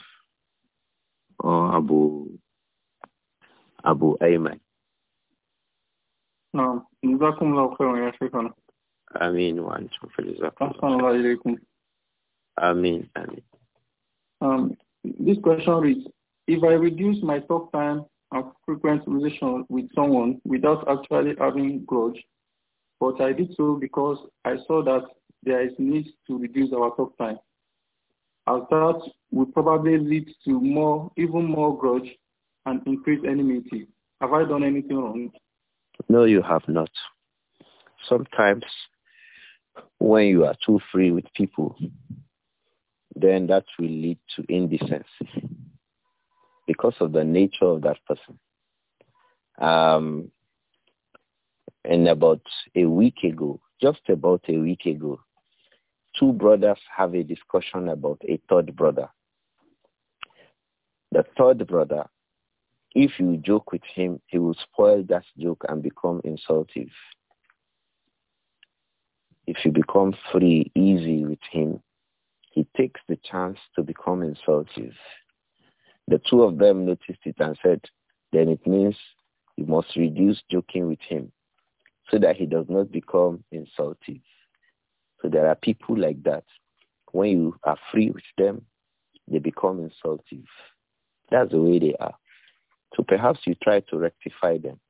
or Abu Abu Ayman. نعم جزاكم الله خيرا يا شيخنا آمين وأنتم في جزاكم أحسن الله إليكم آمين آمين um, This question reads, if I reduce my talk time and frequent conversation with someone without actually having grudge, but I did so because I saw that there is need to reduce our talk time. As that will probably lead to more, even more grudge and increased enmity. Have I done anything wrong? No, you have not. Sometimes when you are too free with people, then that will lead to indecency because of the nature of that person. Um, and about a week ago, just about a week ago, two brothers have a discussion about a third brother. The third brother if you joke with him, he will spoil that joke and become insultive. If you become free, easy with him, he takes the chance to become insultive. The two of them noticed it and said, then it means you must reduce joking with him so that he does not become insultive. So there are people like that. When you are free with them, they become insultive. That's the way they are. So perhaps you try to rectify them.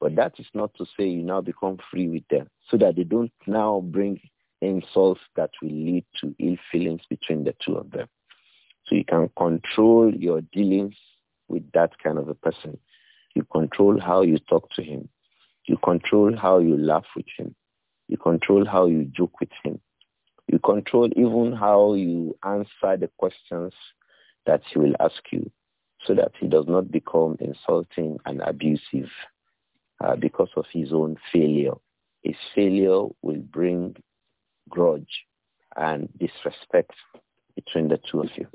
But that is not to say you now become free with them so that they don't now bring insults that will lead to ill feelings between the two of them. So you can control your dealings with that kind of a person. You control how you talk to him. You control how you laugh with him. You control how you joke with him. You control even how you answer the questions that he will ask you so that he does not become insulting and abusive uh, because of his own failure. His failure will bring grudge and disrespect between the two of you.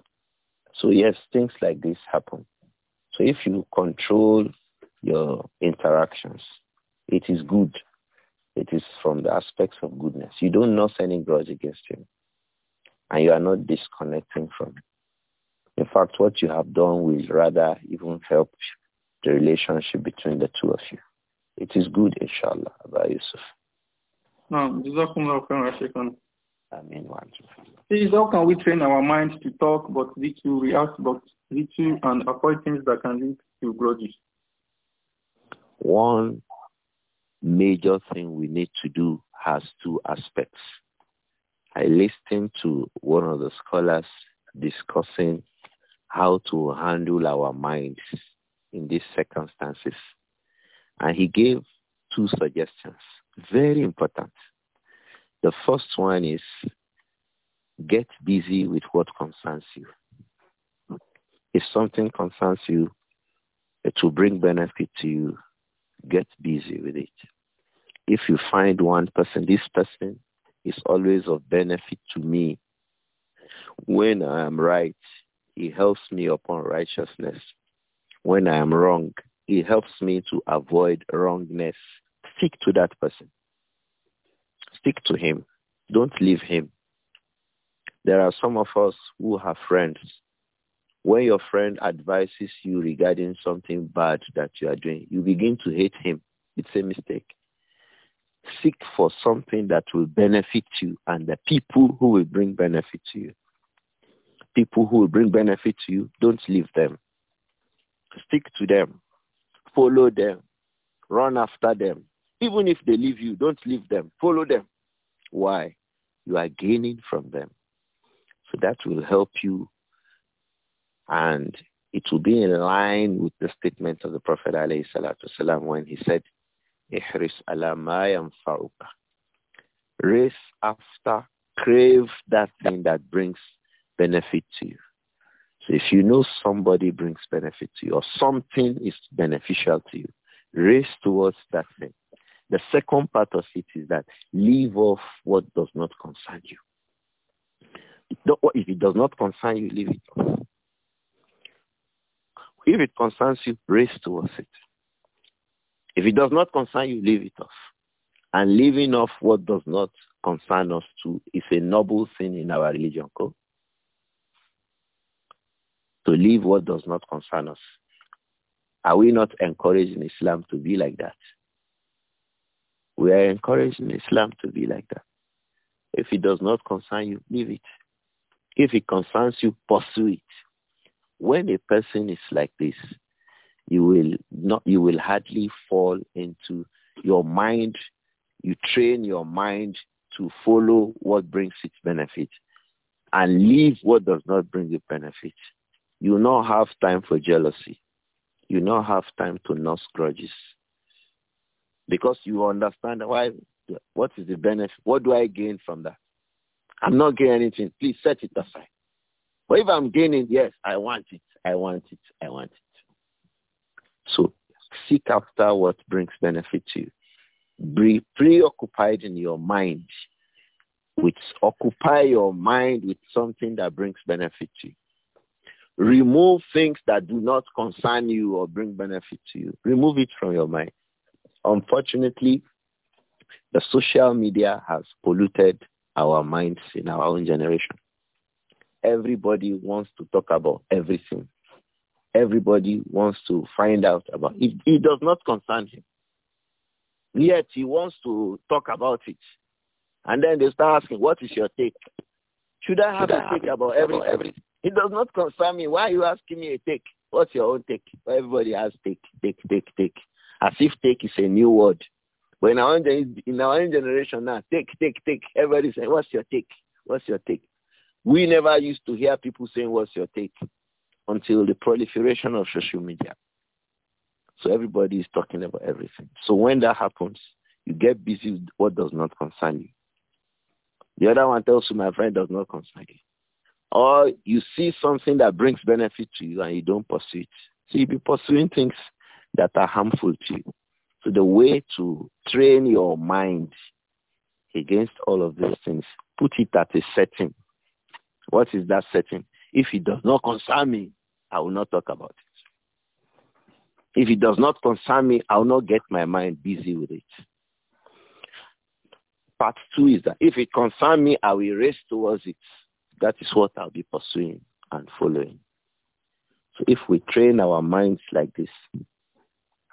So yes, things like this happen. So if you control your interactions, it is good. It is from the aspects of goodness. You don't nurse any grudge against him. And you are not disconnecting from him. In fact, what you have done will rather even help the relationship between the two of you. It is good, inshallah, Abba Yusuf. No, Jazakumullah khairan, Ameen wa Please, how can we train our minds to talk but virtue, react but virtue, and avoid things that can lead to grudges? One major thing we need to do has two aspects. I listened to one of the scholars discussing how to handle our minds in these circumstances. And he gave two suggestions, very important. The first one is get busy with what concerns you. If something concerns you, it will bring benefit to you. Get busy with it. If you find one person, this person is always of benefit to me when I am right he helps me upon righteousness. When I am wrong, he helps me to avoid wrongness. Stick to that person. Stick to him. Don't leave him. There are some of us who have friends. When your friend advises you regarding something bad that you are doing, you begin to hate him. It's a mistake. Seek for something that will benefit you and the people who will bring benefit to you people who will bring benefit to you, don't leave them. Stick to them. Follow them. Run after them. Even if they leave you, don't leave them. Follow them. Why? You are gaining from them. So that will help you and it will be in line with the statement of the Prophet والسلام, when he said, Ihris Race after, crave that thing that brings benefit to you. So if you know somebody brings benefit to you or something is beneficial to you, race towards that thing. The second part of it is that leave off what does not concern you. If it does not concern you, leave it. Off. If it concerns you, race towards it. If it does not concern you, leave it off. And leaving off what does not concern us too is a noble thing in our religion code to leave what does not concern us. Are we not encouraged in Islam to be like that? We are encouraged in Islam to be like that. If it does not concern you, leave it. If it concerns you, pursue it. When a person is like this, you will not you will hardly fall into your mind. You train your mind to follow what brings its benefit and leave what does not bring you benefit. You not have time for jealousy. You not have time to nurse grudges. Because you understand why, what is the benefit? What do I gain from that? I'm not gaining anything. Please set it aside. But if I'm gaining, yes, I want it. I want it. I want it. So seek after what brings benefit to you. Be preoccupied in your mind with occupy your mind with something that brings benefit to you. Remove things that do not concern you or bring benefit to you. Remove it from your mind. Unfortunately, the social media has polluted our minds in our own generation. Everybody wants to talk about everything. Everybody wants to find out about it. It does not concern him. Yet he wants to talk about it. And then they start asking, what is your take? Should I have Should a I take about everything? everything? It does not concern me. Why are you asking me a take? What's your own take? Everybody has take, take, take, take. As if take is a new word. But in our own, in our own generation now, take, take, take. Everybody saying, what's your take? What's your take? We never used to hear people saying, what's your take? Until the proliferation of social media. So everybody is talking about everything. So when that happens, you get busy with what does not concern you. The other one tells you, my friend, does not concern you. Or you see something that brings benefit to you and you don't pursue it. So you'll be pursuing things that are harmful to you. So the way to train your mind against all of these things, put it at a setting. What is that setting? If it does not concern me, I will not talk about it. If it does not concern me, I will not get my mind busy with it. Part two is that if it concerns me, I will race towards it. That is what I'll be pursuing and following. So if we train our minds like this,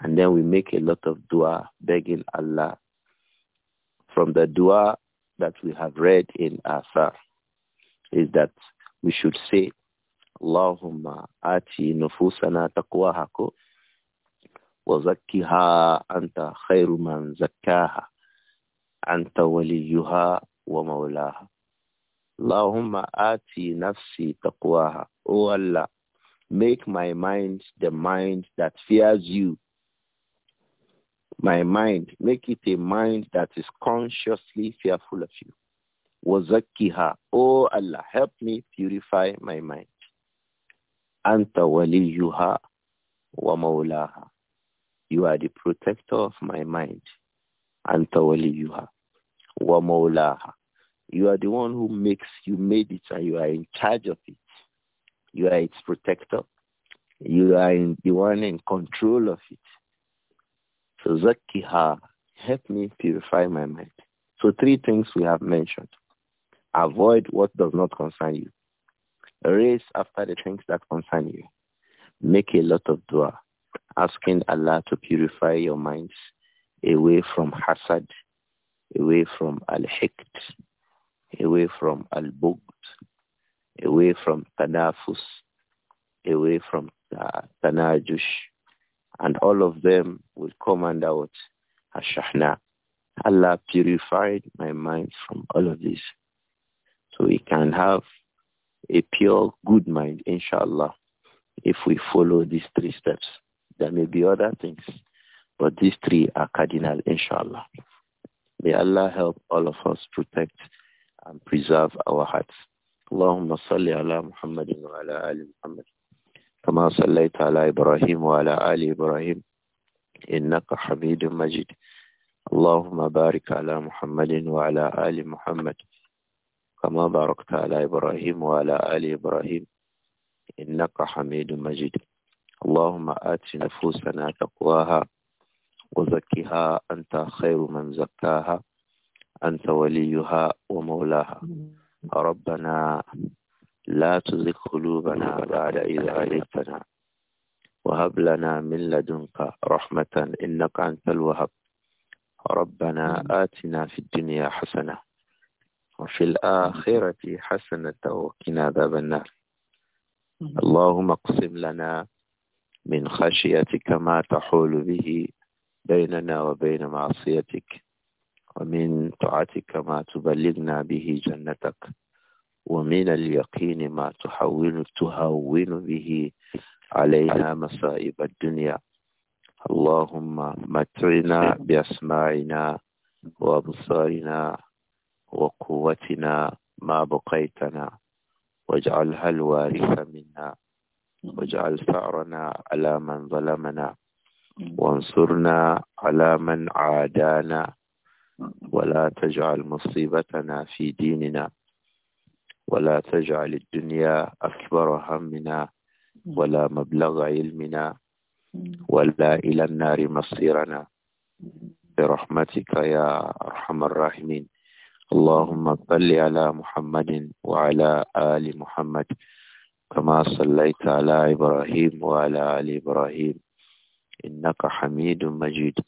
and then we make a lot of dua begging Allah from the dua that we have read in Asr, is that we should say, Allahumma ati nufusana taqwahako wa zakkiha anta khairu man zakkaha anta waliyuha wa maulaha huma ati nafsi taqwaha. O Allah, make my mind the mind that fears you. My mind, make it a mind that is consciously fearful of you. Wazakiha. O Allah, help me purify my mind. Anta waliyuha wa maulaha. You are the protector of my mind. Anta waliyuha wa maulaha. You are the one who makes, you made it and you are in charge of it. You are its protector. You are in, the one in control of it. So Zakiha, help me purify my mind. So three things we have mentioned. Avoid what does not concern you. Race after the things that concern you. Make a lot of dua, asking Allah to purify your minds away from hasad, away from al-hiqt, away from al-bughd, away from tanafus, away from uh, tanajush, and all of them will come under what? Ashahna. Allah purified my mind from all of this. So we can have a pure, good mind, inshallah, if we follow these three steps. There may be other things, but these three are cardinal, inshallah. May Allah help all of us protect and preserve our hearts. اللهم صل على محمد وعلى آل محمد كما صليت على إبراهيم وعلى آل إبراهيم إنك حميد مجيد اللهم بارك على محمد وعلى آل محمد كما باركت على إبراهيم وعلى آل إبراهيم إنك حميد مجيد اللهم آت نفوسنا تقواها وزكها أنت خير من زكاها أنت وليها ومولاها ربنا لا تزغ قلوبنا بعد إذ هديتنا وهب لنا من لدنك رحمة إنك أنت الوهاب ربنا آتنا في الدنيا حسنة وفي الآخرة حسنة وقنا عذاب النار اللهم اقسم لنا من خشيتك ما تحول به بيننا وبين معصيتك ومن طاعتك ما تبلغنا به جنتك ومن اليقين ما تحول تهون به علينا مصائب الدنيا اللهم متعنا بأسماعنا وأبصارنا وقوتنا ما بقيتنا واجعلها الوارث منا واجعل ثأرنا على من ظلمنا وانصرنا على من عادانا ولا تجعل مصيبتنا في ديننا ولا تجعل الدنيا أكبر همنا ولا مبلغ علمنا ولا إلى النار مصيرنا برحمتك يا أرحم الراحمين اللهم صل على محمد وعلى آل محمد كما صليت على إبراهيم وعلى آل إبراهيم إنك حميد مجيد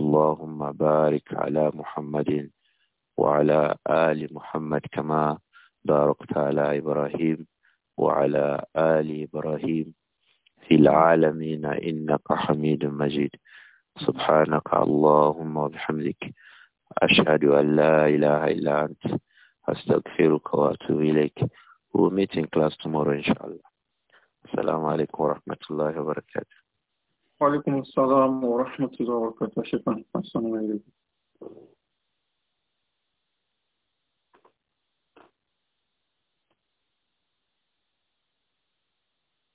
اللهم بارك على محمد وعلى آل محمد كما باركت على إبراهيم وعلى آل إبراهيم في العالمين إنك حميد مجيد سبحانك اللهم وبحمدك أشهد أن لا إله إلا أنت أستغفرك وأتوب إليك We'll meet in class tomorrow, inshallah. Assalamu alaikum wa rahmatullahi wa barakatuh. وعليكم السلام ورحمة الله وبركاته شكرا حسنا إليكم